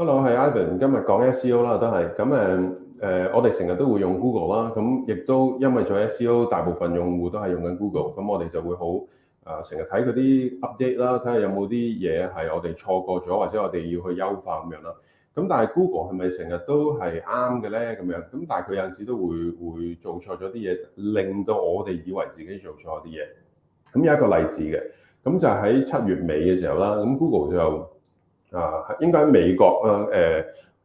Hello，我係 Ivan，今日講 SEO 啦，都係咁誒誒，我哋成日都會用 Google 啦，咁亦都因為做 SEO，大部分用戶都係用緊 Google，咁我哋就會好誒，成日睇嗰啲 update 啦，睇下有冇啲嘢係我哋錯過咗，或者我哋要去優化咁樣啦。咁但係 Google 係咪成日都係啱嘅咧？咁樣咁，但係佢有陣時都會會做錯咗啲嘢，令到我哋以為自己做錯啲嘢。咁有一個例子嘅，咁就係喺七月尾嘅時候啦，咁 Google 就。啊，應該喺美國啦。誒、呃，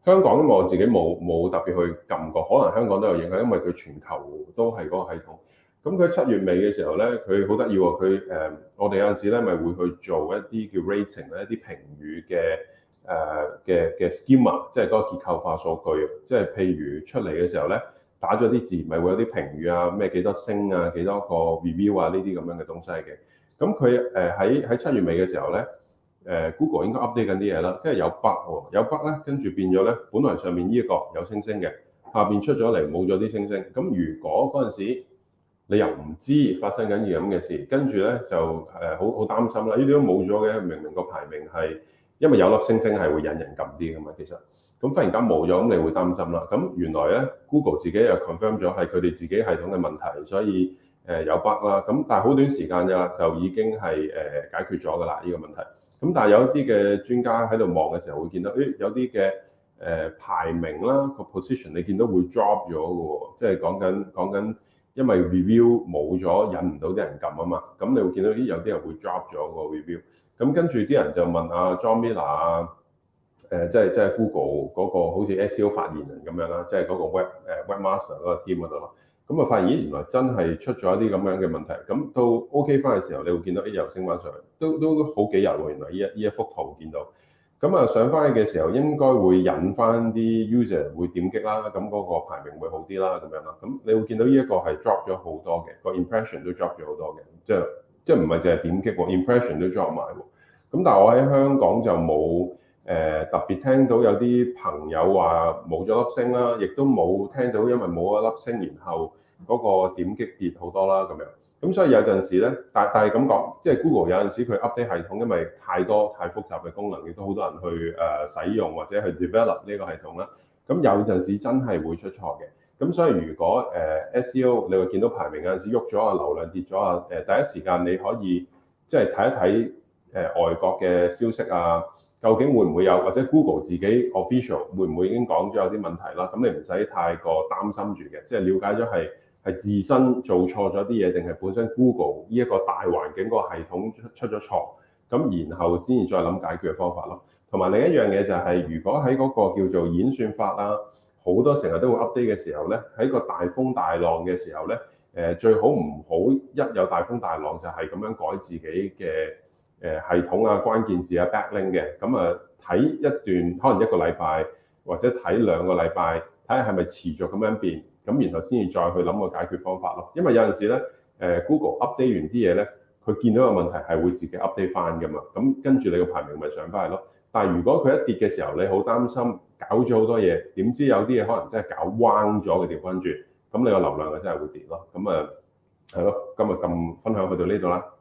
香港因為我自己冇冇特別去撳過，可能香港都有影響，因為佢全球都係嗰個系統。咁佢七月尾嘅時候咧，佢好得意喎，佢誒、呃、我哋有陣時咧咪會去做一啲叫 rating 一啲評語嘅誒嘅嘅 schema，即係嗰個結構化數據。即係譬如出嚟嘅時候咧，打咗啲字咪會有啲評語啊，咩幾多星啊，幾多個 review 啊呢啲咁樣嘅東西嘅。咁佢誒喺喺七月尾嘅時候咧。誒 Google 應該 update 緊啲嘢啦，跟住有 bug 喎，有 bug 咧，跟住變咗咧，本來上面呢一個有星星嘅，下邊出咗嚟冇咗啲星星。咁如果嗰陣時你又唔知發生緊啲咁嘅事，跟住咧就誒好好擔心啦。呢啲都冇咗嘅，明明個排名係因為有粒星星係會引人撳啲嘅嘛，其實咁忽然間冇咗，咁你會擔心啦。咁原來咧 Google 自己又 confirm 咗係佢哋自己系統嘅問題，所以。誒有 bug 啦，咁但係好短時間啫，就已經係誒、呃、解決咗噶啦呢個問題。咁但係有一啲嘅專家喺度望嘅時候會，會見到誒有啲嘅誒排名啦個 position，你見到會 drop 咗嘅喎，即係講緊講緊因為 review 冇咗，引唔到啲人撳啊嘛。咁你會見到咦有啲人會 drop 咗個 review。咁跟住啲人就問啊，John Miller、呃、即係即係 Google 嗰、那個好似 SEO 發言人咁樣啦，即係嗰個 Web、呃、Web 誒 Webmaster 嗰個 team 嗰度。咁啊！就發現咦，原來真係出咗一啲咁樣嘅問題。咁到 OK 翻嘅時候，你會見到一日又升翻上，都都好幾日、啊、原來呢一呢一幅圖見到。咁啊，上翻去嘅時候應該會引翻啲 user 會點擊啦。咁嗰個排名會好啲啦，咁樣啦。咁你會見到呢一個係 drop 咗好多嘅，個 impression 都 drop 咗好多嘅。即係即係唔係淨係點擊喎、啊，impression 都 drop 埋喎。咁但係我喺香港就冇誒、呃、特別聽到有啲朋友話冇咗粒星啦，亦都冇聽到因為冇咗粒星，然後。嗰個點擊跌好多啦，咁樣，咁所以有陣時咧，但但係咁講，即係 Google 有陣時佢 update 系統，因為太多太複雜嘅功能，亦都好多人去誒使用或者去 develop 呢個系統啦。咁有陣時真係會出錯嘅。咁所以如果誒 SEO 你會見到排名有陣時喐咗啊，流量跌咗啊，誒第一時間你可以即係睇一睇誒外國嘅消息啊，究竟會唔會有，或者 Google 自己 official 會唔會已經講咗有啲問題啦？咁你唔使太過擔心住嘅，即係了解咗係。係自身做錯咗啲嘢，定係本身 Google 呢一個大環境個系統出出咗錯，咁然後先至再諗解決嘅方法咯。同埋另一樣嘢就係，如果喺嗰個叫做演算法啊，好多成日都會 update 嘅時候咧，喺個大風大浪嘅時候咧，誒最好唔好一有大風大浪就係咁樣改自己嘅誒系統啊、關鍵字啊、backlink 嘅。咁啊，睇一段可能一個禮拜或者睇兩個禮拜，睇下係咪持續咁樣變。咁然後先至再去諗個解決方法咯，因為有陣時咧，誒、呃、Google update 完啲嘢咧，佢見到個問題係會自己 update 翻噶嘛，咁跟住你個排名咪上翻嚟咯。但係如果佢一跌嘅時候，你好擔心搞咗好多嘢，點知有啲嘢可能真係搞彎咗，嘅跌翻轉，咁你個流量就真係會跌咯。咁誒係咯，今日咁分享到呢度啦。